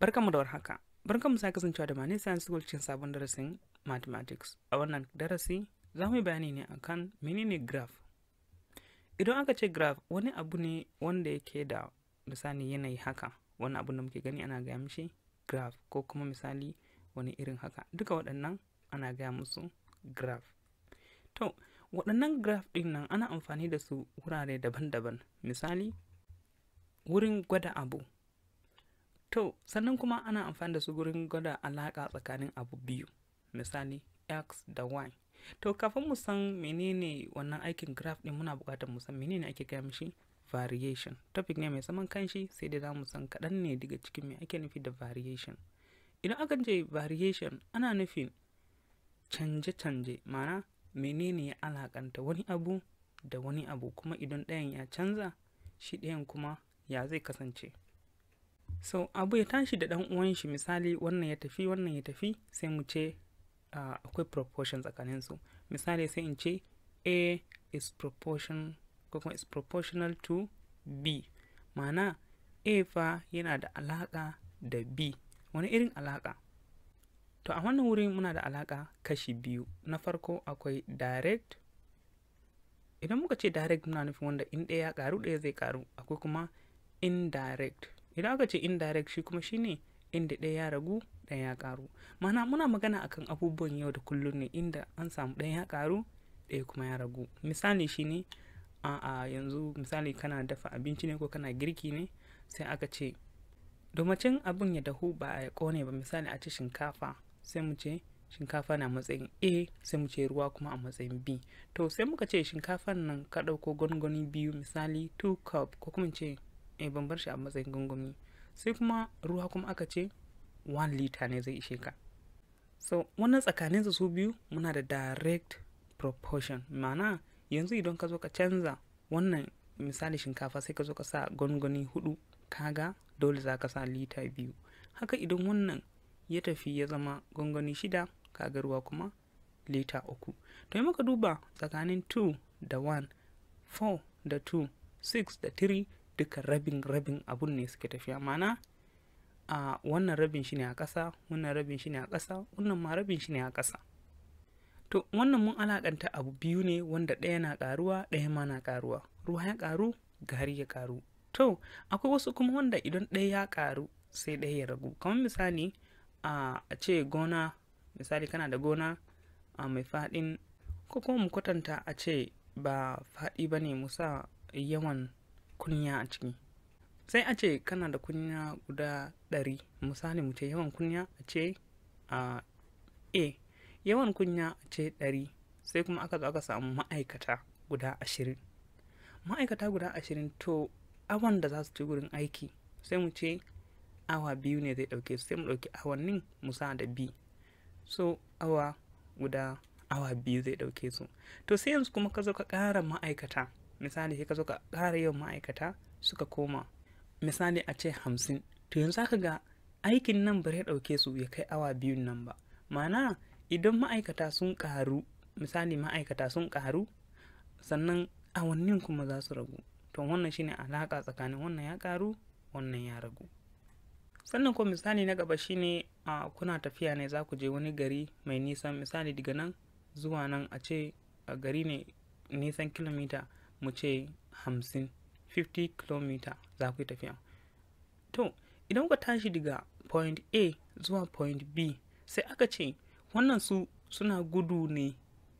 Barkanmu da warhaka. Barkanmu sa kasancewa da Mani Science School cikin sabon darasin Mathematics. A wannan darasi za mu yi bayani ne akan menene graph. Idan aka ce graph wani abu ne wanda yake da misali yanayi haka, wani abu da muke gani ana gaya mushi graph ko kuma misali wani irin haka. Duka waɗannan ana gaya musu graph. To, waɗannan graph ɗin nan ana amfani da su wurare daban-daban. Misali, wurin gwada abu to sannan kuma ana amfani da su gurin gwada alaƙa tsakanin abu biyu misali x da y to kafin mu san menene wannan aikin graph ɗin muna buƙatar mu san menene ake gaya mishi variation topic ne mai saman kanshi sai da za mu san kaɗan ne daga cikin me ake nufi da variation idan aka je variation ana nufin canje-canje mana menene ya alakanta wani abu da wani abu kuma idan ɗayan ya canza shi ɗayan kuma ya zai kasance so abu ya tashi da dan uwan shi misali wannan ya tafi wannan ya tafi sai mu ce akwai proportion tsakanin su misali sai in ce a is proportion ko kuma is proportional to b ma'ana a fa yana da alaka da b wani irin alaka to a wannan wurin muna da alaka kashi biyu na farko akwai direct idan muka ce direct muna nufin wanda in ɗaya ya karu ɗaya zai karu akwai kuma indirect idan aka ce indirect shi kuma shine inda ɗaya ya ragu ɗaya ya ƙaru mana muna magana akan abubuwan yau da kullum ne inda an samu ɗaya ya ƙaru ɗaya kuma ya ragu misali shine a a yanzu misali kana dafa abinci ne ko kana girki ne sai aka ce domacin abin ya dahu ba a kone ba misali a ce shinkafa sai mu ce shinkafa na matsayin a sai mu ce ruwa kuma a matsayin b to sai muka ce shinkafan nan ka ɗauko gwangwani biyu misali 2 cup ko kuma ce eh ban bar shi a matsayin gungumi sai kuma ruwa kuma aka ce 1 liter ne zai ishe ka so wannan tsakanin su biyu muna da direct proportion mana yanzu idan ka zo ka canza wannan misali shinkafa sai ka zo ka sa gwangwani hudu kaga dole za ka sa lita biyu haka idan wannan ya tafi ya zama gwangwani shida kaga ruwa kuma lita uku to yi maka duba tsakanin 2 da 1 4 da 2 6 da 3 duka rabin rabin abun ne suke tafiya mana a wannan rabin shi ne a ƙasa wannan rabin shi ne a ƙasa wannan ma rabin shi ne a ƙasa to wannan mun alaƙanta abu biyu ne wanda ɗaya na ƙaruwa ɗaya ma na ƙaruwa ruwa ya ƙaru gari ya ƙaru to akwai wasu kuma wanda idan ɗaya ya ƙaru sai ɗaya ya ragu kamar misali a ce gona misali kana da gona a mai faɗin ko kuma mu kwatanta a ce ba faɗi ba ne musa yawan kunya a ciki sai a ce kana da kunya guda ɗari misali mu ce yawan kunya a ce a a yawan kunya a ce ɗari sai kuma aka zo aka samu ma'aikata guda ashirin ma'aikata guda ashirin to awan da za su ci gurin aiki sai mu ce awa biyu ne zai ɗauke su sai mu ɗauki awannin musa da bi so awa guda awa biyu zai ɗauke su to sai yanzu kuma ka zo ka ƙara ma'aikata misali sai ka zo ka ƙara yawan ma'aikata suka koma misali a ce hamsin to yanzu zaka ga aikin nan bare ɗauke su ya kai awa biyun nan ba mana idan ma'aikata sun ƙaru misali ma'aikata sun karu sannan awannin kuma za su ragu to wannan shine alaka tsakanin wannan ya ƙaru wannan ya ragu sannan ko misali na gaba shine a kuna tafiya ne za ku je wani gari mai nisan misali daga nan zuwa nan a ce gari ne nisan kilomita mu ce hamsin 50 km za ku tafiya to idan kuka tashi daga point a zuwa point b sai aka ce wannan su suna gudu ne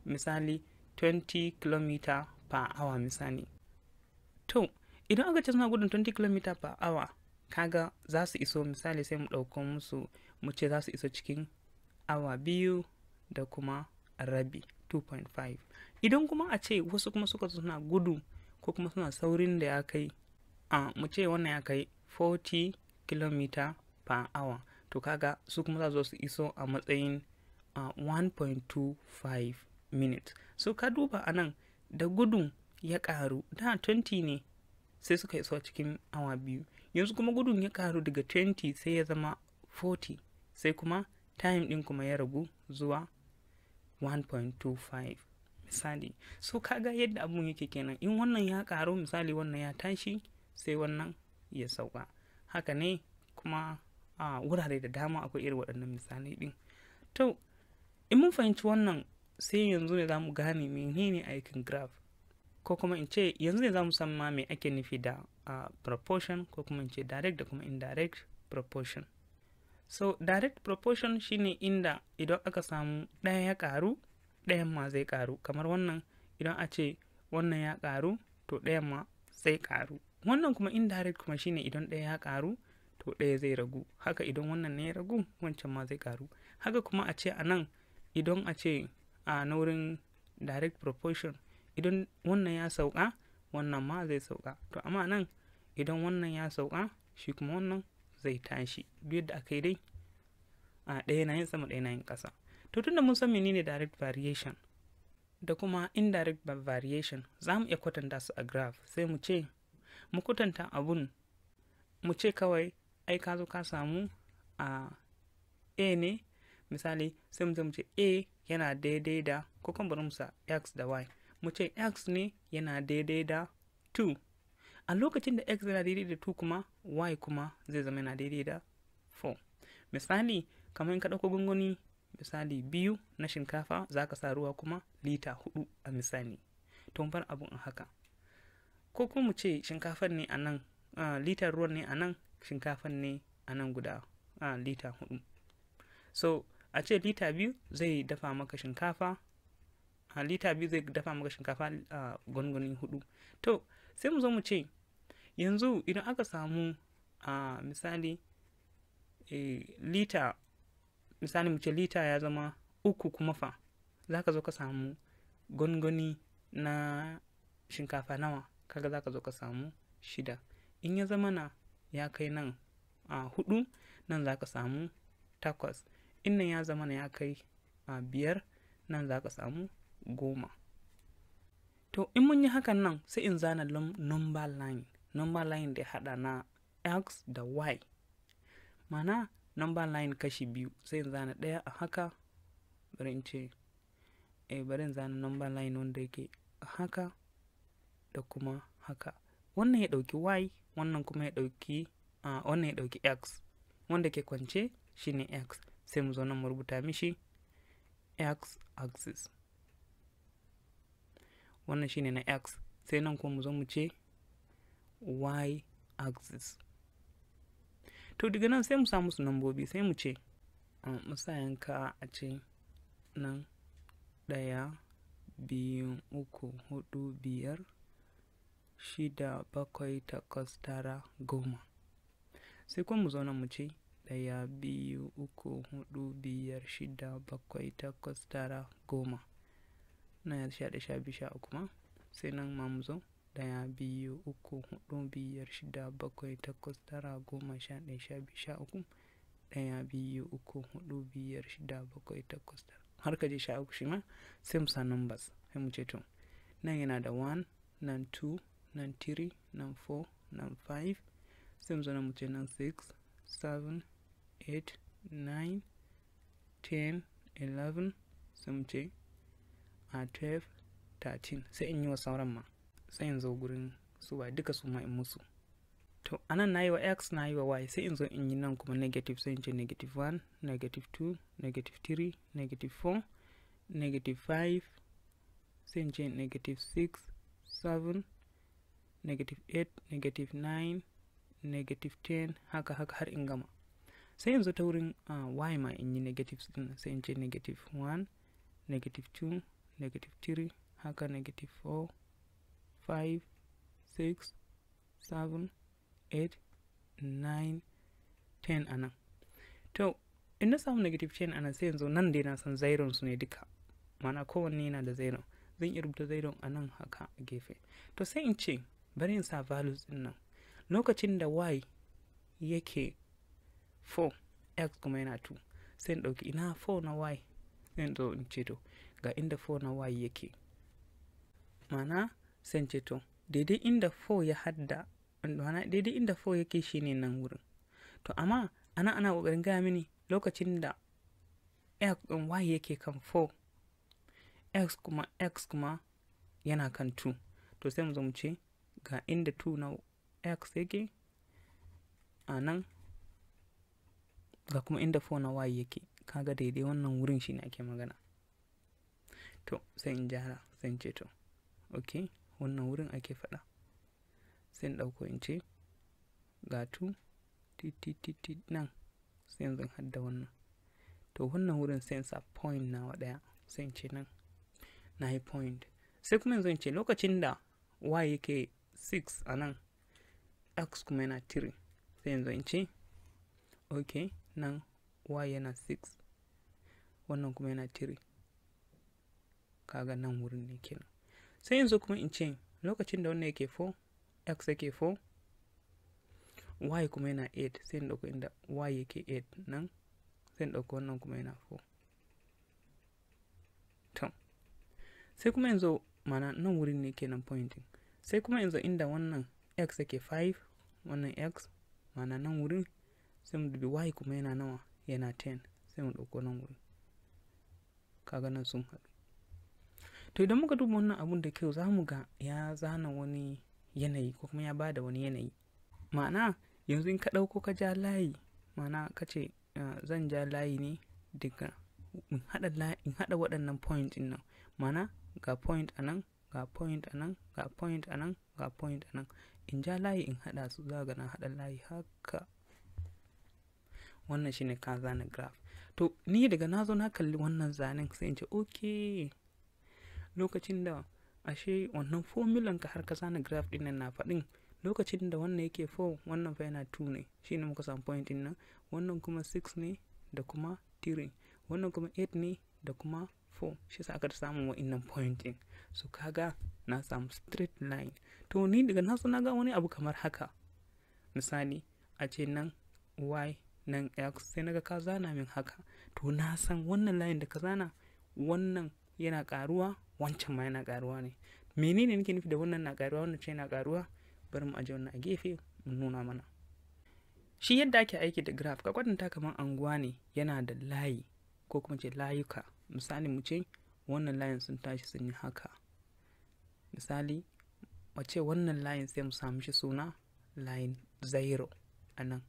misali 20 km per hour misali to idan aka ce suna gudun 20 km per hour kaga za su iso misali sai mu ɗauko musu mu ce za su iso cikin awa biyu da kuma rabi 2.5 idan kuma a ce wasu kuma suka suna gudu ko kuma suna saurin da ya kai a mu ce wannan ya kai 40 km per hour to kaga su kuma za zo su iso a matsayin 1.25 minutes so ka duba a nan da gudu ya karu da 20 ne sai suka iso a cikin awa biyu yanzu kuma gudun ya karu daga 20 sai ya zama 40 sai kuma time din kuma ya ragu zuwa 1.25 misali so kaga yadda abun yake kenan in wannan ya karu misali wannan ya tashi sai wannan ya sauka haka ne kuma a wurare da dama akwai irin waɗannan misali ɗin to in mun fahimci wannan sai yanzu ne za mu gane menene aikin graph ko kuma in ce yanzu ne za mu san ma me ake nufi da proportion ko kuma in ce direct da kuma indirect proportion so direct proportion shine inda idan aka samu ɗaya ya ƙaru ɗayan ma zai ƙaru kamar wannan idan a ce wannan ya ƙaru to ɗayan ma zai ƙaru wannan kuma indirect kuma shine idan ɗaya ya ƙaru to ɗaya zai ragu haka idan wannan ne ya ragu wancan ma zai ƙaru haka kuma a ce a nan idan a ce a naurin direct proportion idan wannan ya sauka wannan ma zai sauka to amma nan idan wannan ya sauka shi kuma wannan zai tashi duk da aka yi dai a ɗaya na yin sama ɗaya na yin ƙasa to tunda mun san menene direct variation da kuma indirect variation za mu iya kwatanta su a graph sai mu ce mu kwatanta abun mu ce kawai ai ka zo ka samu a a ne misali sai mu ce mu ce a yana daidai da ko kan bari mu sa x da y mu ce x ne yana daidai da 2 a lokacin da x yana daidai da 2 kuma y kuma zai zama yana daidai da 4 misali kamar in ka ɗauko gungoni misali biyu na shinkafa za ka sa ruwa kuma lita hudu a misali to abu in haka ko kuma mu ce shinkafar ne a nan litar ruwan ne a nan shinkafar ne a nan guda lita hudu so a ce lita biyu zai dafa maka shinkafa a lita biyu zai dafa maka shinkafa a gwangwani hudu to sai mu zo mu ce yanzu idan aka samu a misali e, lita misali mu lita ya zama uku kuma fa za ka zo ka samu gwangwani na shinkafa nawa kaga za ka zo ka samu shida in ya zama na ya kai nan a hudu nan za ka samu takwas in nan ya zama na ya kai a biyar nan za ka samu goma to in mun yi hakan nan sai in zana number line number line da hada na x da y mana number line kashi biyu sai zana ɗaya a haka bari in ce eh bari in zana number line wanda yake haka da kuma haka wannan ya ɗauki y wannan kuma ya ɗauki uh, wannan ya dauki x wanda ke kwance shine x sai mu zo nan mu rubuta mishi x axis wannan shine na x sai nan kuma mu zo mu ce y axis to daga nan sai mu samu su nambobi sai mu ce um, musayanka a ce nan ɗaya biyu uku hudu biyar shida bakwai takwas tara goma sai kuma mu zauna mu ce ɗaya biyu uku hudu biyar shida bakwai takwas tara goma na ya sha da sha biyu sha uku ma sai nan ma mu zo ɗaya biyu uku huɗu biyar shida bakwai takwas tara goma sha ɗaya sha biyu sha uku ɗaya biyu uku huɗu biyar shida bakwai takwas tara har ka je sha uku shi ma sai sa numbers sai mu ce to nan yana da one nan two nan three nan four nan five sai mu mu ce nan six 7 8 9 10 11 sai mu ce a 12 13 sai in yi wa sauran ma sai in zo gurin su y duka su ma in musu to anan na yi wa x na yi wa y sai in zo in yi nan kuma negative sai in ce negative 1 negative 2 negative 3 negative 4 negative 5 sai in ce negative 6 7 negative 8 negative 9 negative 10 haka haka har in gama sai in zo ta wurin uh, y ma in yi negative din sai in ce negative 1 negative 2 negative 3 haka negative 4 five six seven eight nine ten a to in na samu negative chain a nan sai yanzu nan dai na san zairon su ne duka mana kowanne yana da zero. zan iya rubuta zero anan haka a gefe to sai in ce bari in sa values din nan lokacin da y yake 4 x kuma yana 2 sai in ɗauki ina 4 na y sai in zo in ce to ga inda 4 na y yake mana sai ce to daidai inda fo ya hadda daidai inda fo yake shine nan wurin to amma ana ana kokarin gaya mini lokacin da x ɗin y yake kan fo x kuma x kuma yana kan 2 to sai mu zo mu ce ga inda 2 na x yake a nan ga kuma inda 4 na y yake kaga daidai wannan wurin shi ne ake magana to sai in jara sai in ce to okay wannan wurin ake faɗa sai in ɗauko in ce ga tu titi nan sai yanzu hadda wannan to wannan wurin sai in sa point nawa ɗaya sai in ce nan na yi point sai kuma yanzu in ce lokacin da y yake 6 a nan x kuma yana 3 sai yanzu in ce ok nan y yana 6 wannan kuma yana 3 kaga nan wurin ne kenan sai yanzu kuma in ce lokacin da wannan yake 4 x yake 4 y kuma yana 8 sai in ɗauko inda y yake 8 nan sai in ɗauko wannan kuma yana 4 to sai kuma yanzu mana nan wurin ne kenan pointing sai kuma yanzu inda wannan x yake 5 wannan x mana nan wurin sai mu dubi y kuma yana nawa yana 10 sai mu ɗauko nan wurin kaga nan sun haɗu to idan muka duba wannan abun da kyau za mu ga ya zana wani yanayi ko kuma ya ba da wani yanayi ma'ana yanzu in ka ɗauko ka ja layi ma'ana ka ce ah, zan ja layi ne daga in haɗa waɗannan point ɗin nan ma'ana ga point a nan ga point a nan ga point a nan ga point a nan in ja layi in haɗa su za ga na haɗa layi haka wannan shine ka zana graph to ni daga na zo na kalli wannan zanen sai in ce okay lokacin da ashe wannan formula ka har ka zana graph din nan na faɗin lokacin da wannan yake 4 wannan fa yana 2 ne shine muka samu point din nan wannan kuma 6 ne da kuma 3 wannan kuma 8 ne da kuma 4 shi sa aka samu wa'innan point din so kaga na samu straight line to ni daga nasu na ga wani abu kamar haka misali a ce nan y nan x sai naga ka zana min haka to na san wannan line da ka zana wannan yana karuwa wancan ma yana karuwa ne menene nake nufi da wannan na karuwa wannan ce na karuwa bari mu aje wannan a gefe mu nuna mana shi yadda ake aiki da graph ka kwatanta kamar anguwa ne yana da layi ko kuma ce layuka misali mu ce wannan layin sun tashi sun yi haka misali mu ce wannan layin sai mu samu shi suna layin zairo a nan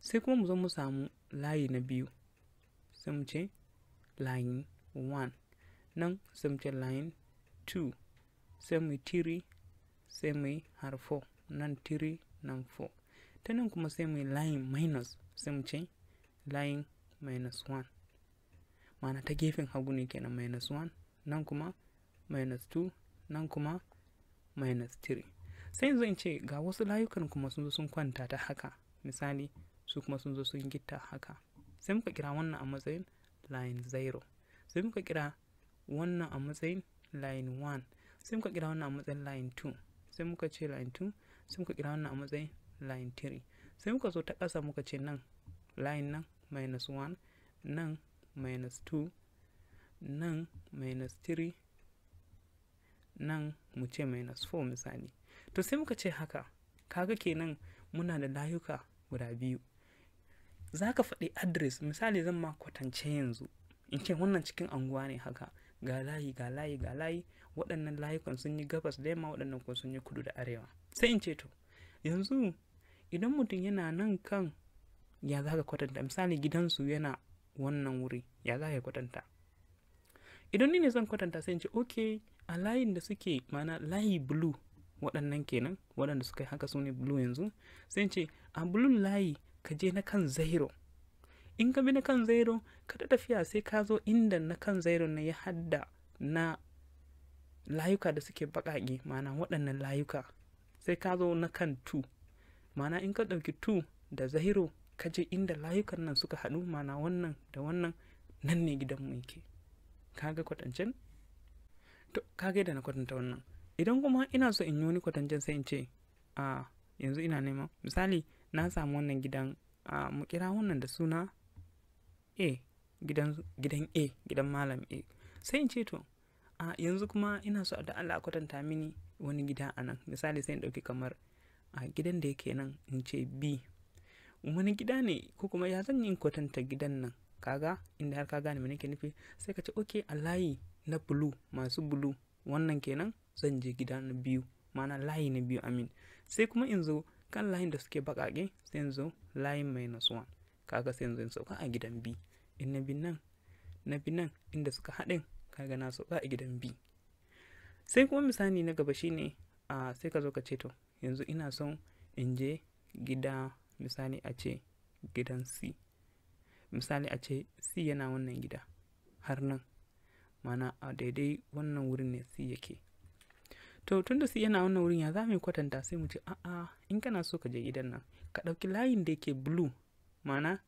sai kuma mu zo mu samu layi na biyu sai mu ce layin one nan sai mu ce line 2 sai mu tiri sai mu har 4 nan tiri nan 4 ta nan kuma sai mu line minus sai mu ce line minus 1 mana ta gefen hagu ne kenan minus 1 nan kuma minus 2 nan kuma minus 3 sai yanzu in ce ga wasu layukan kuma sun zo sun kwanta ta haka misali su kuma sun zo sun gitta haka sai muka kira wannan a matsayin line 0 sai muka kira wannan a matsayin line 1 sai muka kira wannan a matsayin line 2 sai muka ce line 2 sai muka kira wannan a matsayin line 3 sai muka zo ta ƙasa muka ce nan line nan minus 1 nan minus 2 nan minus 3 nan mu ce minus 4 misali to sai muka ce haka kaga kenan muna da layuka guda biyu za ka faɗi adres misali zan ma kwatance yanzu in ce wannan cikin anguwa ne haka ga layi ga layi ga layi waɗannan layukan sun yi gabas da yamma waɗannan kuma sun yi kudu da arewa sai in ce to yanzu idan mutum yana nan kan ya za ka kwatanta misali gidansu yana wannan wuri ya za ka kwatanta idan ni ne zan kwatanta sai in ce ok a layin da suke mana layi blue waɗannan kenan waɗanda suka yi haka su ne blue yanzu sai in ce a bulun layi ka je na kan zairo in ka bi na kan zairo ka ta tafiya sai ka zo inda na kan zairo na ya hadda na layuka da suke baƙaƙe ma'ana waɗannan layuka sai ka zo na kan tu ma'ana in ka ɗauki tu da zairo ka je inda layukan nan suka haɗu ma'ana wannan da wannan nan ne gidanmu yake kaga kwatancen to kaga yadda na kwatanta wannan idan kuma ina so in yi wani kwatancen sai in ce a ah, yanzu ina nema misali na samu wannan gidan a ah, mu kira wannan da suna a gidan gidan a gidan malam a sai in ce to a yanzu kuma ina so da Allah kwatanta mini wani gida a nan misali sai in ɗauki kamar a gidan da yake nan in ce b wani gida ne ko kuma ya zan yi kwatanta gidan nan kaga inda har ka gane me ke nufi sai ka ce okay a layi na bulu masu bulu wannan kenan zan je gida na biyu mana layi na biyu amin sai kuma in zo kan layin da suke baƙaƙe sai in zo layin mai nasuwa kaga sai yanzu in sauka a gidan b in na bi nan na bi nan inda suka haɗin kaga na sauka a gidan b sai kuma misali na gaba shine a sai ka zo ka ce to yanzu ina son in je gida misali a ce gidan c misali a ce c yana wannan gida har nan mana a daidai wannan wurin ne c yake to tun da su yana wannan wurin ya za mu kwatanta sai mu ce a'a in kana so ka je gidan nan ka ɗauki layin da yake blue ma'ana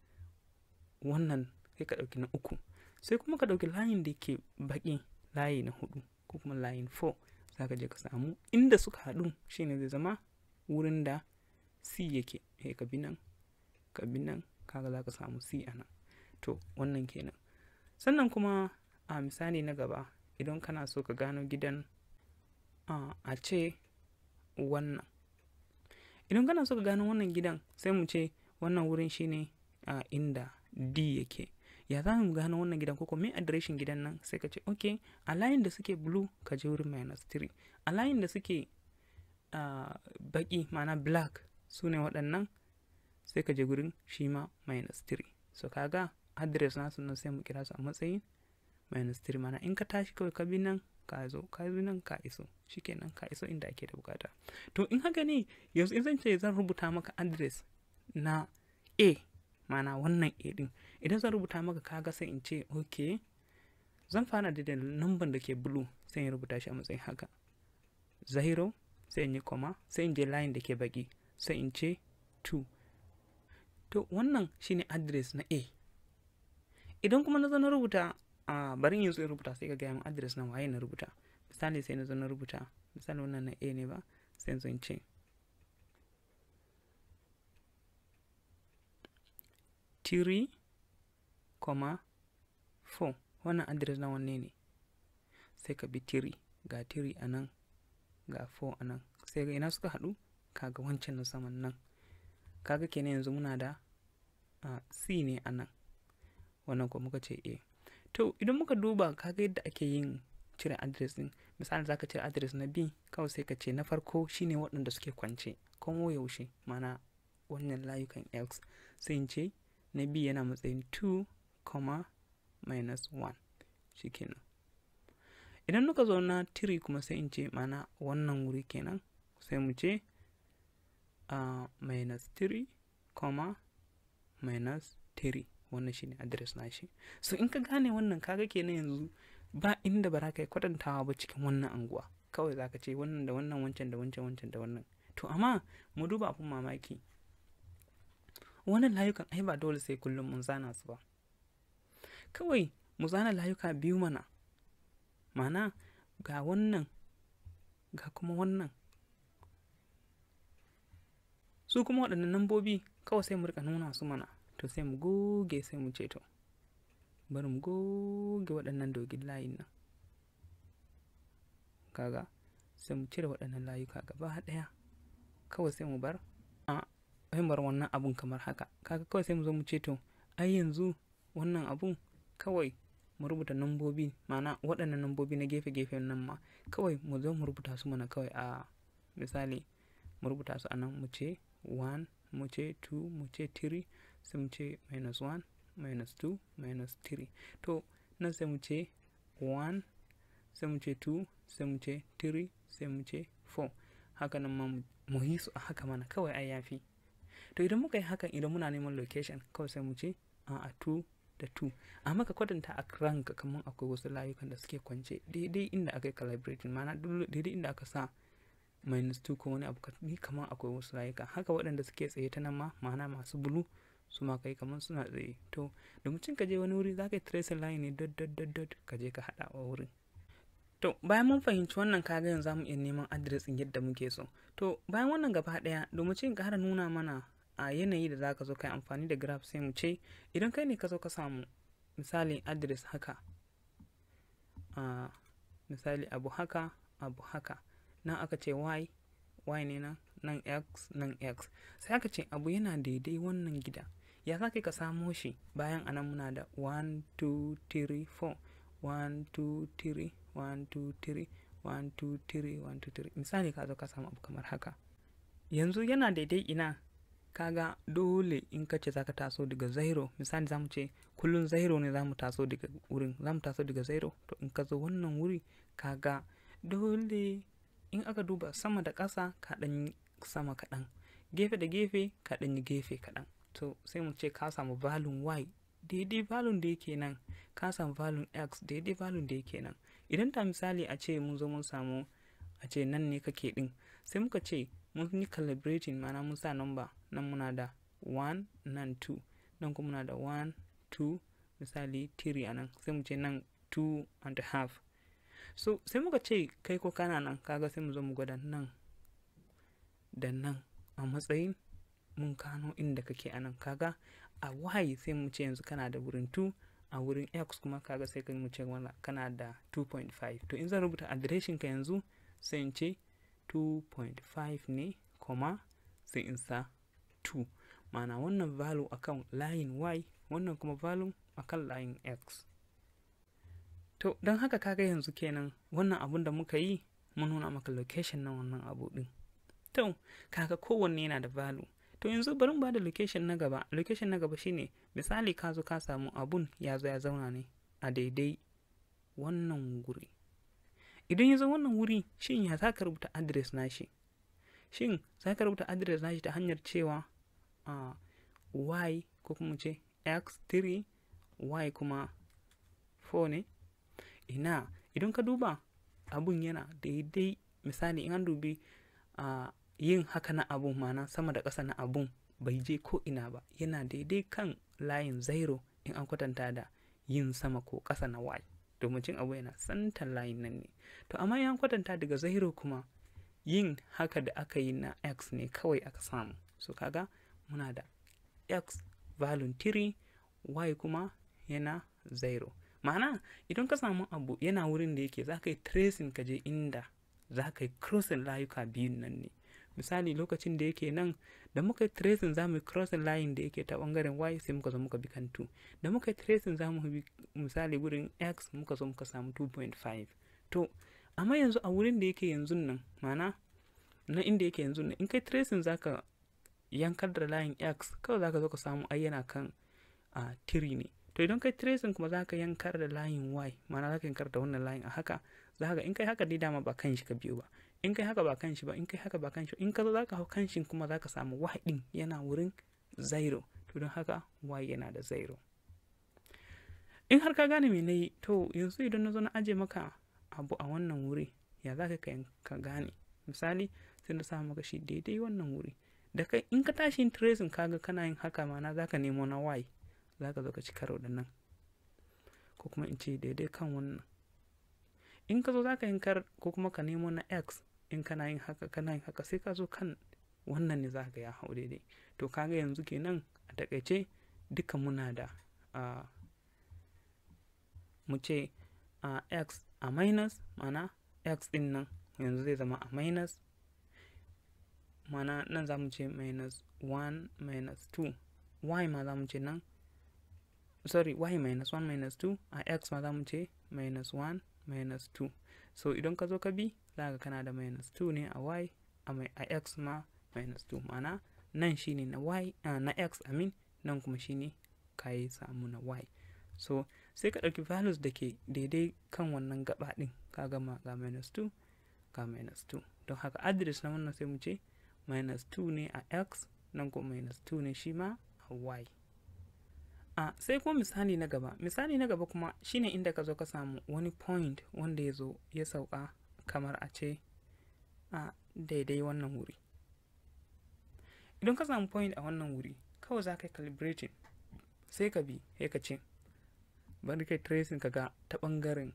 wannan sai ka ɗauki na uku sai kuma ka ɗauki layin da ke baƙi layi na hudu ko kuma layin 4 za ka je ka samu inda suka haɗu shine zai zama wurin da c yake sai eh, ka bi nan ka bi nan kaga za ka samu c a nan to wannan kenan sannan kuma a misali na gaba idan kana so ka gano gidan a ce wannan idan kana so ka gano wannan gidan sai mu ce wannan wurin shine a inda d yake ya za mu gano wannan gidan koko me adireshin gidan nan sai ka ce ok a layin da suke blue ka je wurin minus 3 a layin da suke uh, baki ma'ana black su ne waɗannan sai ka je gurin shi ma minus 3 so kaga adires nasu nan sai mu kira su a matsayin minus 3 mana in ka tashi kawai ka bi nan ka zo ka bi nan ka iso shikenan ka iso inda ake da bukata to in haka ne yanzu in zan ce zan rubuta maka adres? na a mana wannan a din idan zan rubuta maka kaga sai in ce ok zan fara da number da ke blue sai in rubuta shi a matsayin haka zahiro sai in yi koma sai in je layin da ke baki sai in ce 2 to wannan shine address na a idan kuma na zo na rubuta a bari yanzu in rubuta sai ka gaya min address na waye na rubuta misali sai na na rubuta misali wannan na a ne ba sai in zo ce 3, 4 wannan address na wanne ne sai ka bi 3 ga 3 a nan ga 4 a nan sai ga ina suka haɗu kaga wancan na saman nan kaga kenan yanzu muna da c ne a nan wannan ko muka ce a to idan muka duba kaga yadda ake yin cire address din misali za ka cire address na b kawai sai ka ce na farko shine waɗanda suke kwance kuma yaushe mana wannan layukan x sai in ce na b yana matsayin 2 minus 1 kenan idan nuka zo na 3 kuma sai in ce mana wannan wuri kenan sai mu ce minus 3 minus 3 wannan shi ne adres na shi so in ka gane wannan kaga kenan yanzu ba inda ba za ka yi kwatantawa ba cikin wannan anguwa kawai za ka ce wannan da wannan wancan da wancan wancan da wannan to amma mu duba abin mamaki wannan layukan ai ba dole sai kullum mun zana su ba kawai mu zana layuka biyu mana mana ga wannan ga kuma wannan su kuma waɗannan nambobi kawai sai mu rika nuna su mana to sai mu goge sai mu ceto bari mu goge waɗannan dogin layin nan kaga sai mu cire waɗannan layuka gaba ɗaya kawai sai mu bar a fahimtar wannan abun kamar haka kaga kawai sai mu zo mu ce to ai yanzu wannan abun kawai mu rubuta nambobi ma'ana waɗannan nambobi na gefe-gefe nan ma kawai mu zo mu rubuta su mana kawai a misali mu rubuta su a nan mu ce 1 mu ce 2 mu ce 3 sai mu ce minus 1 minus 2 minus 3 to nan sai mu ce 1 sai mu ce 2 sai mu ce 3 sai mu ce 4 haka nan ma mu yi su a haka mana kawai ai yafi to idan muka yi hakan idan muna neman location kawai sai mu ce a a two da two amma ka kwatanta a ranka kamar akwai wasu layukan da suke kwance daidai inda aka yi calibrating mana daidai inda aka sa minus 2 ko wani abu ni kamar akwai wasu layuka haka waɗanda suke tsaye ta nan ma mana masu bulu su ma kai kamar suna tsaye to da mutum ka je wani wuri za ka yi tracing line ne dot ka je ka haɗa wa wurin To bayan mun fahimci wannan kaga yanzu mu iya neman adiresin yadda muke so. To bayan wannan gaba ɗaya domin cin ƙara nuna mana a yanayi da zaka zo kai amfani da graph sai mu ce idan kai ne ka zo ka samu misali address haka a misali abu haka abu haka nan aka ce y y ne nan nan x nan x sai aka ce abu yana daidai wannan gida ya za ka samo shi bayan anan muna da 1 2 3 4 1 2 3 1 2 3 1 2 3 1 2 3 misali ka zo ka samu abu kamar haka yanzu yana daidai ina kaga dole in ka ce zaka taso daga zairo misali zamu ce kullun zairo ne zamu taso daga wurin zamu taso daga zairo to in ka zo wannan wuri kaga dole in aka duba sama da ƙasa ka ɗan sama kaɗan gefe da gefe ka gefe kaɗan to sai mu ce ka samu valun y daidai valun da yake nan ka samu valun x daidai valun da yake nan idan ta misali a ce mun zo mun samu a ce nan ne kake ɗin sai muka ce mun yi calibrating ma'ana mun sa number nan muna da 1 nan 2 nan kuma muna da 1 2 misali 3 anan sai mu ce nan 2 and a half so sai muka ce kai ko kana nan kaga sai mu zo mu gwada nan da nan a matsayin mun kano inda kake anan kaga a y sai mu ce yanzu kana da wurin 2 a wurin x kuma kaga sai kai mu ce wala kana da 2.5 to in zan rubuta adireshin ka yanzu sai in ce 2.5 ne koma sai in sa 2 ma'ana wannan value akan line y wannan kuma value akan line x to don haka kaga yanzu kenan wannan abun da muka yi mun nuna maka location na wannan abu din to kaga kowanne yana da value to yanzu bari mu bada location na gaba location na gaba shine misali ka zo ka samu abun ya zo ya zauna ne a daidai wannan guri idan ya zo wannan wuri shin ya za ka rubuta address nashi shin za ka rubuta address nashi ta hanyar cewa uh, y ko kuma ce x3 y kuma 4 ne ina idan ka duba abun yana daidai misali in an dubi uh, yin haka na abun mana sama da ƙasa na abun bai je ko ina ba yana daidai kan layin zairo in an kwatanta da yin sama ko ƙasa na y domin cin abu yana santan layin nan ne to amma in kwatanta daga zairo kuma yin haka da aka yi na x ne kawai aka samu so kaga muna da x value 3 y kuma yana 0 ma'ana idan ka samu abu yana wurin da yake za ka yi tracing ka je inda za ka yi crossing layuka biyun nan ne misali lokacin da yake nan da muka yi tracing za mu yi crossing layin da yake ta bangaren y sai muka zo muka bi kan 2 da muka yi tracing za mu bi misali wurin x muka zo muka samu 2.5 to amma yanzu a wurin da yake yanzu nan ma'ana na inda yake yanzu nan in kai tracing za ka yankar da layin x kawai za ka zo ka samu ai yana kan a tiri ne to idan kai tracing kuma za ka yankar da layin y ma'ana za ka yankar da wannan layin a haka za ka in kai haka dai dama ba kan shi ka biyo ba in kai haka ba kan shi ba in kai haka ba kan shi in ka zo za hau kan shi kuma zaka samu y din yana wurin zairo to don haka y yana da zairo in har ka gane me na to yanzu idan na zo na aje maka abu a wannan wuri ya za ka ka gane misali sai na samu maka shi daidai wannan wuri da kai in ka tashi yin tracing kaga kana yin haka mana ka nemo na y ka zo ka ci karo da nan ko kuma in ce daidai kan wannan in ka zo ka yin kar ko kuma ka nemo na x in kana yin haka kana yin haka sai ka zo kan wannan ne ka ya hau daidai to kaga yanzu kenan a takaice duka muna da uh, mu ce uh, x a minus mana x din nan yanzu zai zama a minus mana nan za mu ce minus 1 minus 2 y ma za mu ce nan sorry y minus 1 minus 2 a x ma za mu ce minus 1 minus 2 so idan ka zo ka bi za ka kana da minus 2 ne a y a x ma minus 2 mana nan shine na y uh, na x amin nan kuma shine ka yi samu na y so sai ka ɗauki values da ke daidai kan wannan gaba ɗin ka gama ga minus 2 ga minus 2 don haka address na wannan sai mu ce minus 2 ne a x nan kuma minus 2 ne shi ma a y a sai kuma misali na gaba misali na gaba kuma shine inda ka zo ka samu wani point wanda ya zo ya sauka kamar a ce a daidai wannan wuri idan ka samu point a wannan wuri kawai za ka yi calibrating sai ka bi ya ka ce bari kai tracing ka ga ta ɓangaren.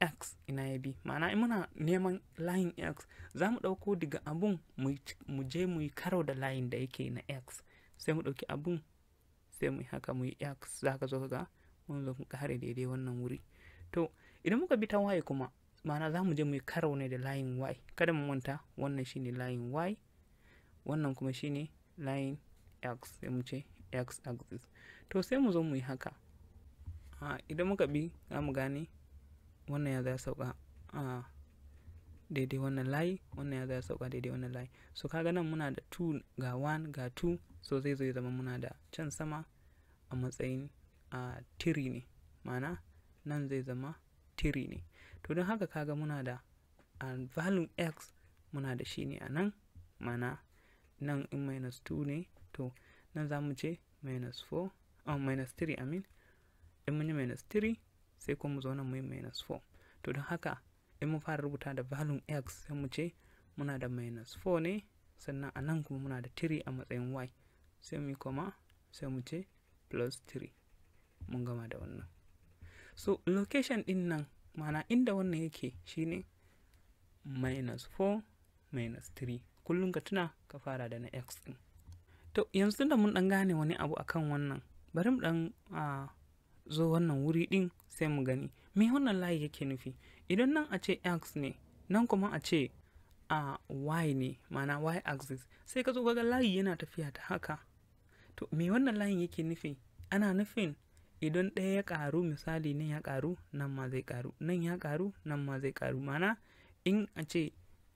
x ina ya bi ma'ana in muna neman layin x za mu ɗauko daga abun mu je mu yi karo da layin da yake na x sai mu ɗauki abun sai mu yi haka mu yi x za ka zo ga mun zo mun kare daidai wannan wuri to idan muka bi ta y kuma ma'ana za mu je mu yi karo ne da layin y kada mu manta wannan shine layin y wannan kuma shine layin x sai mu ce x axis to sai mu zo mu yi haka ah, idan muka bi za mu gane wannan ya zai sauka a daidai wannan layi wannan ya zai sauka daidai wannan layi so kaga nan muna da 2 ga 1 ga 2 so zai zo ya zama muna da can sama a matsayin a tiri ne mana nan zai zama tiri ne to don haka kaga muna da a value x muna da shi ne a nan mana nan in minus 2 ne to nan za mu ce minus 4 oh, minus 3 I mean in mun yi minus 3 sai kuma mu zo nan mu yi minus 4 to don haka in mu fara rubuta da value x sai mu ce muna da minus 4 ne sannan a nan kuma muna da 3 a matsayin y sai mu yi koma sai mu ce plus 3 mun gama da wannan so location din nan mana inda wannan yake shine minus 4 minus 3 kullum ka tuna ka fara da na x din to yanzu da mun dan gane wani abu akan wannan bari mu dan ah, zo wannan wuri din sai mu gani me wannan layi yake nufi idan nan a ce x ne nan kuma a ce a y ne mana y axis sai ka zo ga layi yana tafiya ta haka to me wannan layin yake nufi ana nufin idan ɗaya ya karu misali nan ya ƙaru nan ma zai ƙaru nan ya karu nan ma zai ƙaru mana in a ce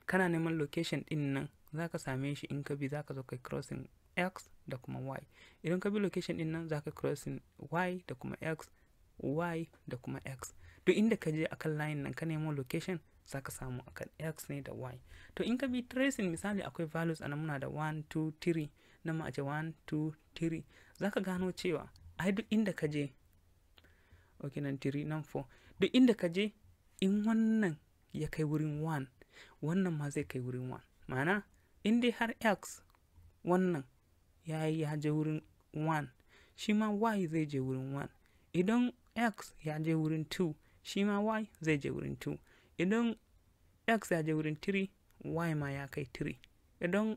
kana neman location din nan za ka same shi in ka bi za ka zo kai crossing x da kuma y idan ka bi location din nan zaka crossing y da kuma x y da kuma x to inda ka je akan line nan ka nemo location zaka samu akan x ne da y to in ka bi tracing misali akwai values ana muna da 1 2 3 na ma aje 1 2 3 zaka gano cewa ai duk inda ka je ok nan 3 nan 4 duk inda ka je in wannan ya kai wurin 1 wannan ma zai kai wurin 1 ma'ana in dai har x wannan ya yi ya je wurin 1 shi ma y zai je wurin 1 idan x ya je wurin 2 shi ma y zai je wurin 2 idan x ya je wurin 3 y ma ya kai 3 idan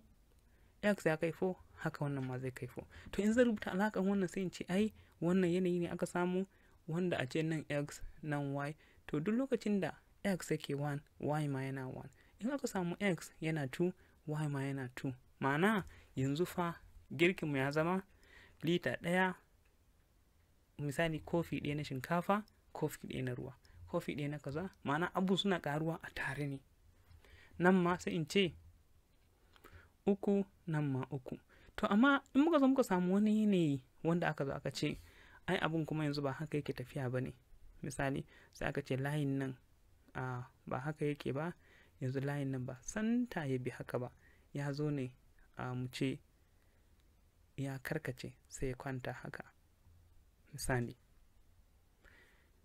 x ya kai 4 haka wannan ma zai kai 4 to in zan rubuta alakan wannan sai in ce ai wannan yanayi ne aka samu wanda a ce nan x nan y to duk lokacin da x yake 1 y ma yana 1 in aka samu x yana 2 y ma yana 2 ma'ana yanzu fa Girkin mu ya zama lita ɗaya misali kofi ɗaya na shinkafa kofi ɗaya na ruwa kofi ɗaya na kaza ma'ana abu suna ƙaruwa a tare ne nan ma sai in ce uku nan ma uku to amma in muka zo muka samu wani yanayi wanda aka zo aka ce ai abun kuma yanzu ba haka yake tafiya ba ne misali sai aka ce layin nan ba haka yake ba yanzu layin nan ba santa ya bi haka ba ya zo ne mu ce ya karkace sai ya kwanta haka misali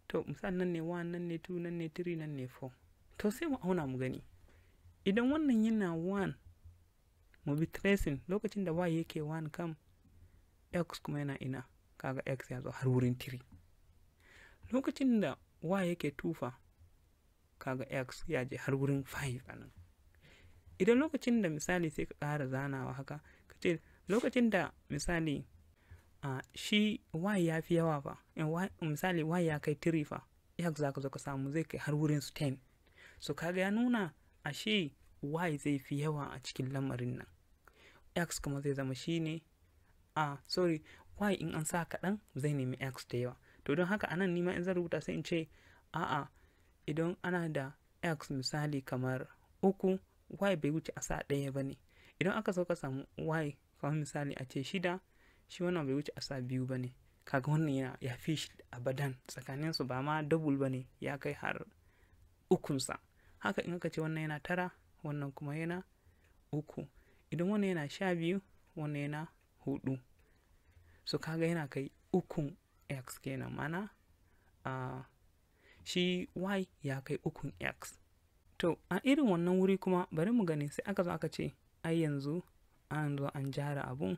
to misali nan ne 1 nan ne 2 nan ne 3 nan ne 4 to sai mu auna mu gani idan wannan yana 1 mu bi tracing lokacin da y yake 1 kam x kuma yana ina kaga x ya zo har wurin 3 lokacin da y yake 2 fa kaga x ya je har wurin 5 anan idan lokacin da misali sai ka kara zanawa haka ka ce lokacin da misali a shi y ya fi yawa fa misali y ya kai tiri fa ya za ka zo ka samu zai kai har wurin su 10 so kaga ya nuna a shi y zai fi yawa a cikin lamarin nan x kuma zai zama shi ne a sorry y in an sa kaɗan zai nemi x da yawa to don haka anan nima in zan rubuta sai in ce a'a idan ana da x misali kamar uku y bai wuce a sa ɗaya ba ne idan aka so ka samu y kamar misali a ce shida shi wannan bai wuce a sa biyu ba ne kaga wannan yana ya fi shi abadan tsakanin su ba ma double ba ne ya kai har ukunsa haka in ka ce wannan yana tara wannan kuma yana uku idan wannan yana sha biyu wannan yana hudu so kaga yana kai ukun x kenan mana uh, shi y ya kai ukun x to a irin wannan wuri kuma bari mu gani sai aka zo aka ce ai yanzu an zo an jara abun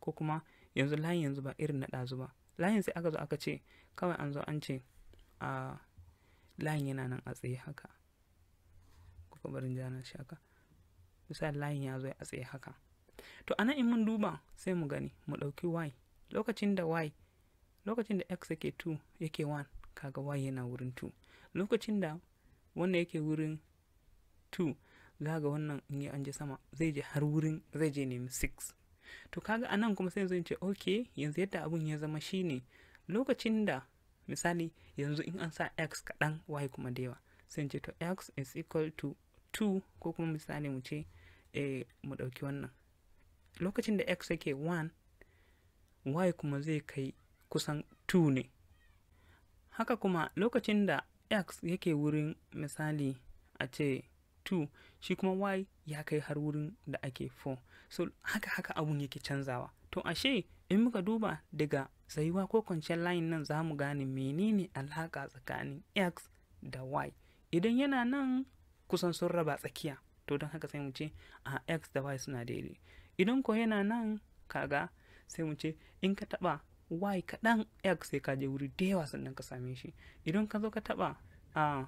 ko kuma yanzu layin yanzu ba irin na ɗazu ba layin sai aka zo aka ce kawai an zo an ce a layin yana nan a tsaye haka kuka barin jana shi haka misali layin ya zo a tsaye haka to anan in mun duba sai mu gani mu ɗauki y lokacin da y lokacin da x yake 2 yake 1 kaga y yana wurin 2 lokacin da wannan yake wurin 2 za ga wannan in yi an sama zai je har wurin zai je nemi 6 to kaga a kuma sai yanzu in ce ok yanzu yadda abun ya zama shine lokacin da misali yanzu in an sa x kaɗan y kuma da yawa sai ce to x is equal to 2 ko kuma misali mu ce eh, mu ɗauki wannan lokacin da x yake 1 y kuma zai kai kusan 2 ne haka kuma lokacin da x yake wurin misali a ce 2 shi kuma y ya kai har wurin da ake 4 so haka haka abun yake canzawa to ashe in muka duba daga tsayuwa ko kwanciyar layin nan za mu gane menene alaka tsakanin x da y idan yana nan kusan sun raba tsakiya to don haka sai mu ce a x da y suna daidai idan ko yana nan kaga sai mu ce in ka taba y kaɗan x sai ka je wuri da yawa sannan ka same shi idan ka zo ka taba a ah,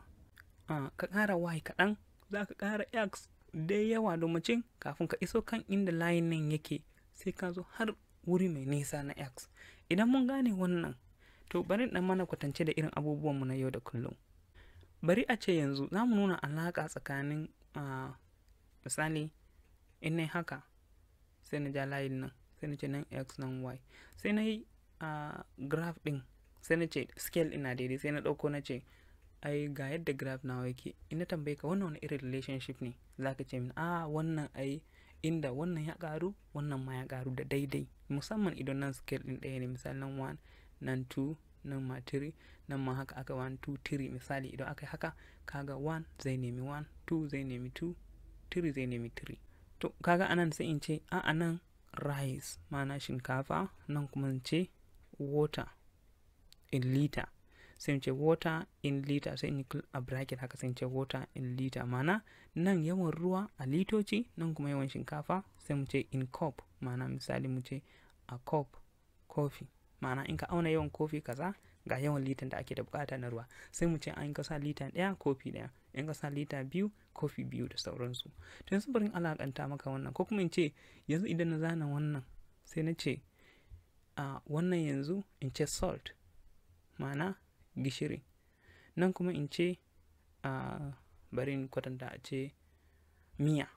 ah, ka ƙara y kaɗan za ka ƙara x da yawa domin kafin ka iso kan inda layin nan yake sai ka zo har wuri mai nisa na x idan mun gane wannan to bari dan mana kwatance da irin abubuwanmu na yau da kullum bari a ce yanzu za mu nuna alaƙa tsakanin misali in haka sai na ja layin nan sai na ce nan x nan y sai na yi graph din sai na ce scale ina daidai sai na ɗauko na ce ai ga yadda graph nawa yake in na tambaye ka wannan wani irin relationship ne zaka ce min a wannan ai inda wannan ya karu wannan ma ya karu da daidai musamman idan nan scale din daya ne misali nan 1 nan 2 nan ma 3 nan ma haka aka 1 2 3 misali idan aka yi haka kaga 1 zai nemi 1 2 zai nemi 2 3 zai nemi 3 to kaga anan sai in ce a anan rice ma'ana shinkafa nan kuma in ce water in liter sai ce water in liter sai in a bracket haka sai in ce water in liter mana nan yawan ruwa a litoci nan kuma yawan shinkafa sai mu ce in cup mana misali mu ce a cup kofi mana in ka auna yawan kofi kaza ga yawan litan da ake da bukata na ruwa sai mu ce an ka sa lita daya kofi daya in ka sa lita biyu kofi biyu da sauransu to yanzu bari alakanta maka wannan ko kuma in ce yanzu idan na zana wannan sai na ce a wannan yanzu in ce salt mana. gishiri nan kuma in ce a bari in kwatanta a ce miya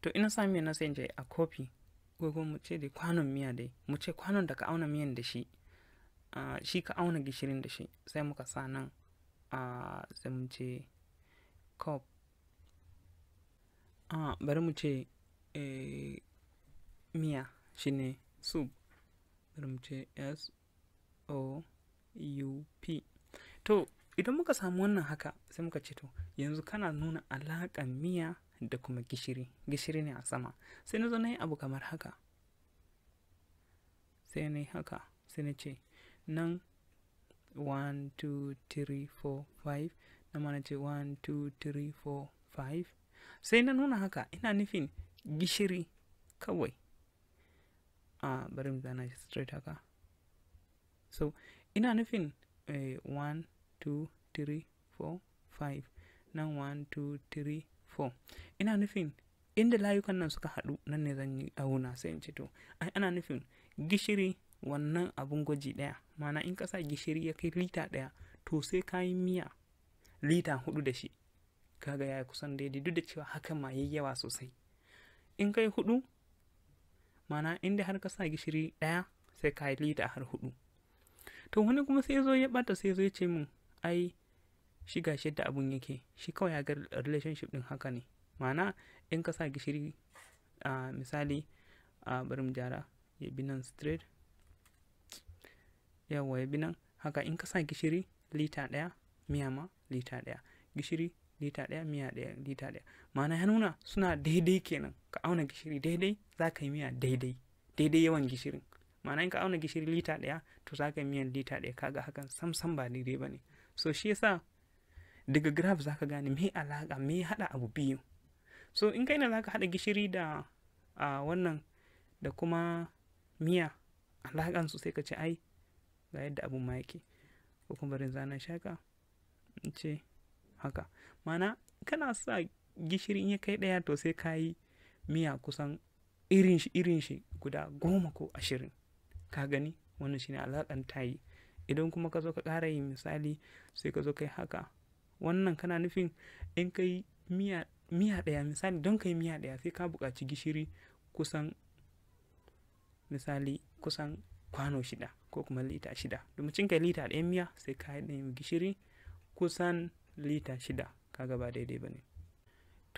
to ina sa miya na sai in je a kofi gogo mu ce dai kwanon miya dai mu ce kwanon da ka auna miyan da shi shi ka auna gishirin da shi sai muka sa nan sai mu ce a bari mu ce e, miya shine soup bari mu ce s o up to idan muka samu wannan haka sai muka ce to yanzu kana nuna alaƙan miya da kuma gishiri gishiri ne a sama sai nazo zo na yi abu kamar haka sai na yi haka sai na ce nan 1 2 3 4 5 na mana ce 1 2 3 4 5 sai na nuna haka ina nufin gishiri kawai a ah, bari mu zana shi straight haka so ina nufin 1 2 3 4 5 nan 1 2 3 4 ina nufin inda layukan nan suka hadu nan ne zan yi auna sai in ce to ai ana nufin gishiri wannan abun gwaji daya mana in kasa gishiri ya kai lita daya to sai ka yi miya lita hudu da shi kaga ya kusan daidai duk da cewa haka ma yayi yawa sosai in kai hudu mana inda har kasa gishiri daya sai ka yi lita har hudu to wani kuma sai zo ya bata sai zo ya ce min ai shi ga da abun yake shi kawai ya ga relationship din haka ne ma'ana in ka sa gishiri a misali a bari jara ya bi nan straight yawa ya bi nan haka in ka sa gishiri lita daya miya ma lita daya gishiri lita daya miya daya lita daya ma'ana ya nuna suna daidai kenan ka auna gishiri daidai za ka yi miya daidai daidai yawan gishirin ma'ana in ka auna gishiri lita ɗaya to za ka miyan lita ɗaya kaga hakan sam sam ba daidai ba ne so shi yasa daga graph za ka gane me alaƙa me haɗa abu biyu so in kai na za ka haɗa gishiri da a wannan da kuma miya su sai ka ce ai ga yadda abun ma yake ko kuma barin zana shaka in ce haka Ma'ana kana sa gishiri in ya kai ɗaya to sai ka yi miya kusan irin shi irin shi guda goma ko ashirin ka gani wannan shine alaƙan tayi idan kuma ka zo ka ƙara yin misali sai ka zo kai haka wannan kana nufin in kai miya miya ɗaya misali don kai miya ɗaya sai ka buƙaci gishiri kusan misali kusan kwano shida ko kuma lita shida domin yi lita ɗayan miya sai ka haɗa gishiri kusan lita shida kaga ba daidai ba ne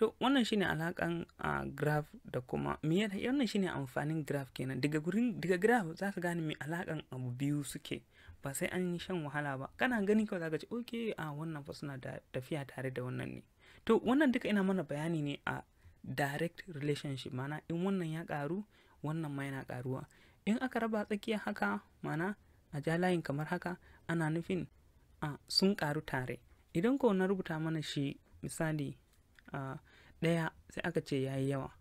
to wannan shine alakan uh, graph da kuma me wannan shine amfanin graph kenan daga gurin daga graph zaka gane me alakan abu biyu suke ba sai an yi shan wahala ba kana gani kawai zaka ce okay a wannan fa suna da tafiya tare da wannan ne to wannan duka ina mana bayani ne a direct relationship mana in wannan ya karu wannan ma yana karuwa in aka raba tsakiya haka mana a ja layin kamar haka ana nufin a sun karu tare idan ko na rubuta mana shi misali a ɗaya sai aka ce ya yi yawa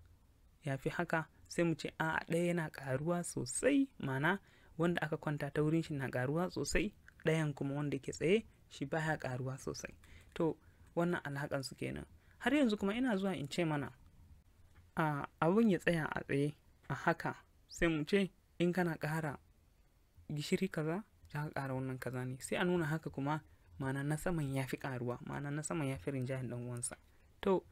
ya fi haka sai mu ce a ɗaya yana ƙaruwa sosai mana wanda aka kwanta ta wurin shi na ƙaruwa sosai ɗayan kuma wanda ke tsaye shi baya ƙaruwa sosai to wannan alhakan su kenan har yanzu kuma ina zuwa in ce mana a abun ya tsaya a tsaye a haka sai mu ce in kana ƙara gishiri kaza za ka ƙara wannan kaza ne sai a nuna haka kuma ma'ana na saman ya fi ƙaruwa ma'ana na saman ya fi rinjayen ɗan uwansa to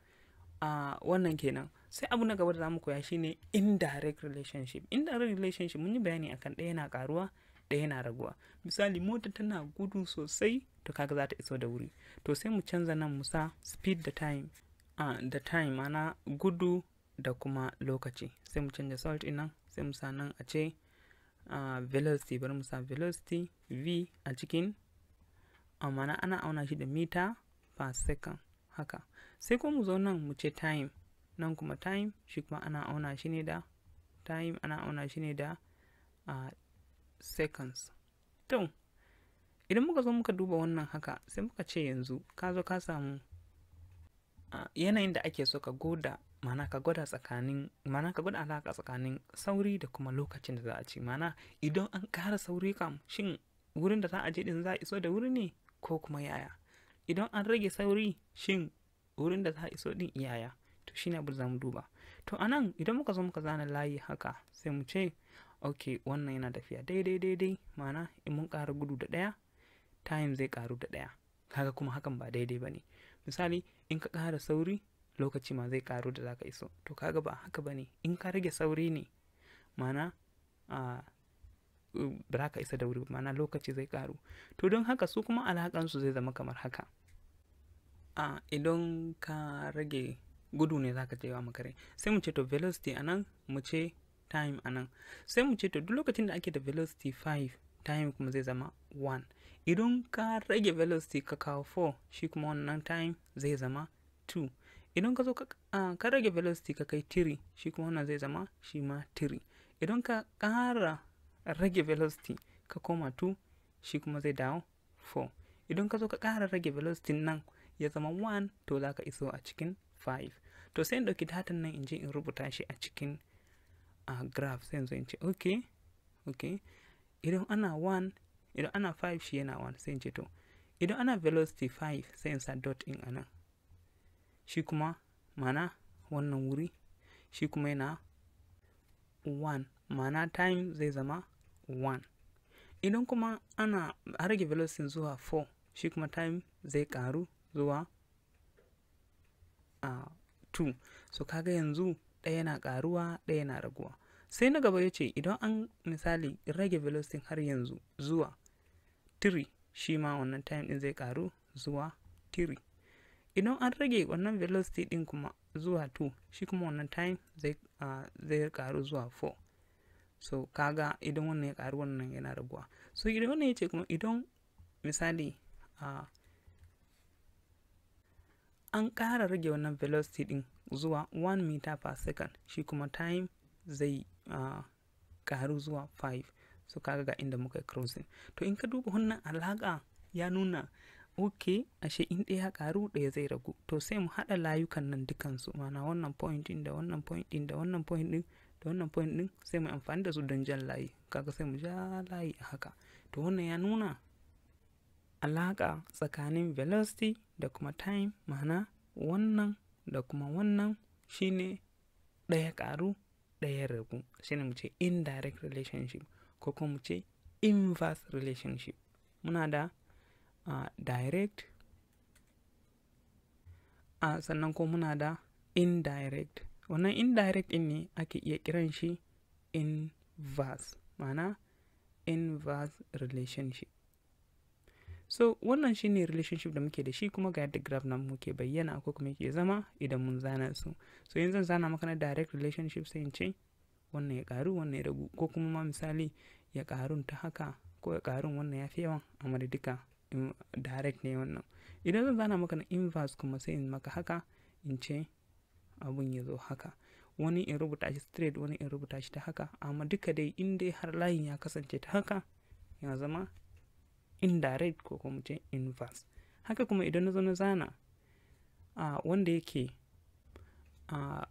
a wannan kenan sai abu na gaba da zamu koya shine indirect relationship indirect relationship mun yi bayani akan ɗaya yana karuwa ɗaya yana raguwa misali mota tana gudu sosai to kaga za ta iso da wuri to sai mu canza nan mu sa speed da time da time mana gudu da kuma lokaci sai mu canza salt ina sai mu sa nan a ce velocity bari mu sa velocity v a cikin mana ana auna shi da mita per second haka sai kuma mu zo nan mu ce time nan kuma time shi kuma ana auna shi ne da time ana auna shi ne da uh, seconds to idan muka zo muka duba wannan haka sai muka ce yanzu ka zo ka samu uh, yanayin da ake so ka goda mana ka gwada tsakanin mana ka gwada alaka tsakanin sauri da kuma lokacin da za a ci mana idan an ƙara sauri kam shin wurin da za a je din za a iso da wuri ne ko kuma yaya idan an rage sauri shin wurin da za a iso din iyaya to shi ne za mu duba to anan idan muka zo muka zana layi haka sai mu ce ok wannan yana tafiya daidai daidai Mana in mun ƙara gudu da ɗaya time zai ƙaru da ɗaya kaga kuma hakan ba daidai ba ne misali in ka ƙara sauri lokaci ma zai ƙaru da za ka iso to kaga ba haka ba ne in ka rage sauri ne mana ba za ka isa da wuri mana lokaci zai ƙaru to don haka su kuma alaƙansu zai zama kamar haka a idan ka rage gudu ne za ka ce wa makare sai mu ce to velocity a nan mu ce time a nan sai mu ce to duk lokacin da ake da velocity 5 time kuma zai zama 1 idan ka rage velocity ka kawo 4 shi kuma wannan time zai zama 2 idan ka zo ka rage velocity ka kai 3 shi kuma wannan zai zama shi ma 3 idan ka ƙara rage velocity ka koma 2 shi kuma zai dawo 4 idan ka zo ka ƙara rage velocity nan ya zama 1 to za ka iso a cikin 5 to sai in ɗauki datan nan in je in rubuta shi a cikin uh, graph sai in ce ok ok idan ana 1 idan ana 5 shi yana 1 sai in ce to idan ana velocity 5 sai in sa dot in ana shi kuma mana wannan wuri shi kuma yana 1 mana time zai zama 1 idan kuma ana rage velocity zuwa 4 shi kuma time zai karu zuwa a 2 so kaga yanzu ɗaya na ƙaruwa ɗaya na raguwa sai na gaba ya ce idan an misali rage velocity har yanzu zuwa 3 shi ma wannan time ɗin zai ƙaru zuwa 3 idan an rage wannan velocity ɗin kuma zuwa 2 shi kuma wannan time zai uh, ƙaru zuwa 4 so kaga idan wannan ya ƙaru wannan yana raguwa so idan wannan ya ce kuma idan misali uh, an ƙara rage wannan velocity din zuwa 1 meter per second shi kuma time zai uh, zuwa 5 so kaga ga inda muka crossing to in ka duba wannan alaƙa ya nuna ok ashe in ɗaya karu ɗaya zai ragu to sai mu haɗa layukan nan dukansu mana wannan point ɗin da wannan point ɗin da wannan point din da wannan point din sai mu amfani da su don jan layi kaga sai mu ja layi a haka to wannan ya nuna alaƙa tsakanin velocity da kuma time ma'ana wannan da kuma wannan shine ɗaya ƙaru ɗaya ragu shine mu ce indirect relationship ko kuma mu ce inverse relationship muna da uh, direct uh, sannan ko muna da indirect wannan indirect in ne ake iya kiran shi inverse mana inverse relationship so wannan shine relationship da muke da shi kuma ga yadda graph nan muke bayyana ko kuma yake zama idan mun zana su so yanzu zan zana maka na direct relationship sai in ce wannan ya karu wannan ya ragu ko kuma ma misali ya karun ta haka ko ya karun wannan ya fi yawan amma duka direct ne wannan idan zan zana maka na inverse kuma sai in maka haka in ce abun ya zo haka wani in rubuta shi straight wani in rubuta shi ta haka amma duka dai in dai har layin ya kasance ta haka ya zama indirect ko kuma ce inverse haka kuma idan na zo na zana a wanda yake a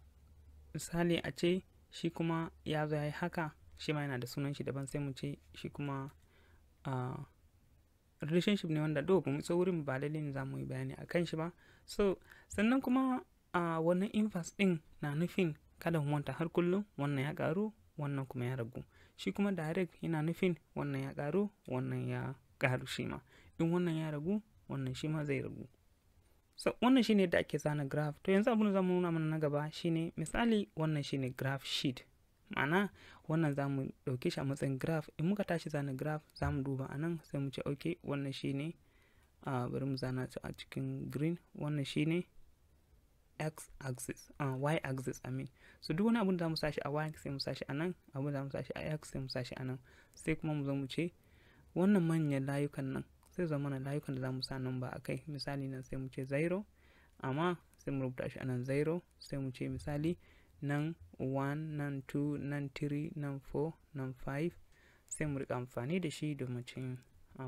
misali a ce shi kuma ya zo ya haka shi ma yana da sunan shi daban sai mu ce shi kuma a relationship ne wanda do ba mu wurin ba ne za mu yi bayani a kan shi ba so sannan kuma a wannan inverse din na nufin kada mu wanta har kullum wannan ya karu wannan kuma ya ragu shi kuma direct yana nufin wannan ya karu wannan ya ƙaru shi ma in wannan ya ragu wannan shi ma zai ragu so wannan shine yadda ake zana graph to yanzu abin da zamu nuna mana na gaba shine misali wannan shine graph sheet ma'ana wannan za mu ɗauke shi a matsayin graph in muka tashi zana graph za mu duba anan sai mu ce okay wannan shine uh, bari mu zana ta a cikin green wannan shine x axis uh, y axis i mean so duk wani abin da za mu sashi a y sai mu sashi anan. Abun abin da za mu sashi a x sai mu sashi anan. sai kuma mu zo mu ce wannan manyan layukan nan sai zama na layukan da za mu sa nan ba a kai misali nan sai mu ce 0 amma sai mu rubuta shi a nan 0 sai mu ce misali nan 1 nan 2 nan 3 nan 4 nan 5 sai mu rika amfani da shi domin cin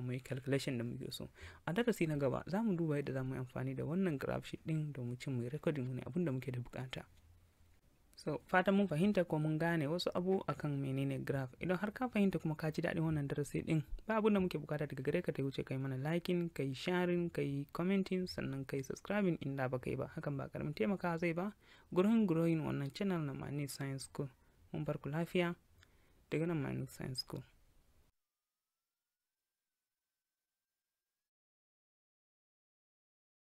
mu yi calculation da muke so a darasi na gaba za mu duba yadda za mu yi amfani da wannan graph sheet din domin cin mu yi recording wani abin da muke da bukata so fatan mun fahimta ko mun gane wasu abu akan menene graph idan har ka fahimta kuma ka ji daɗin wannan darasi din ba abun da muke bukata daga gare ka ta wuce kai mana liking kai sharing kai commenting sannan kai subscribing in da ba kai ba hakan ba karamin taimaka zai ba growing growing wannan channel na mani science school mun bar lafiya daga nan mani science school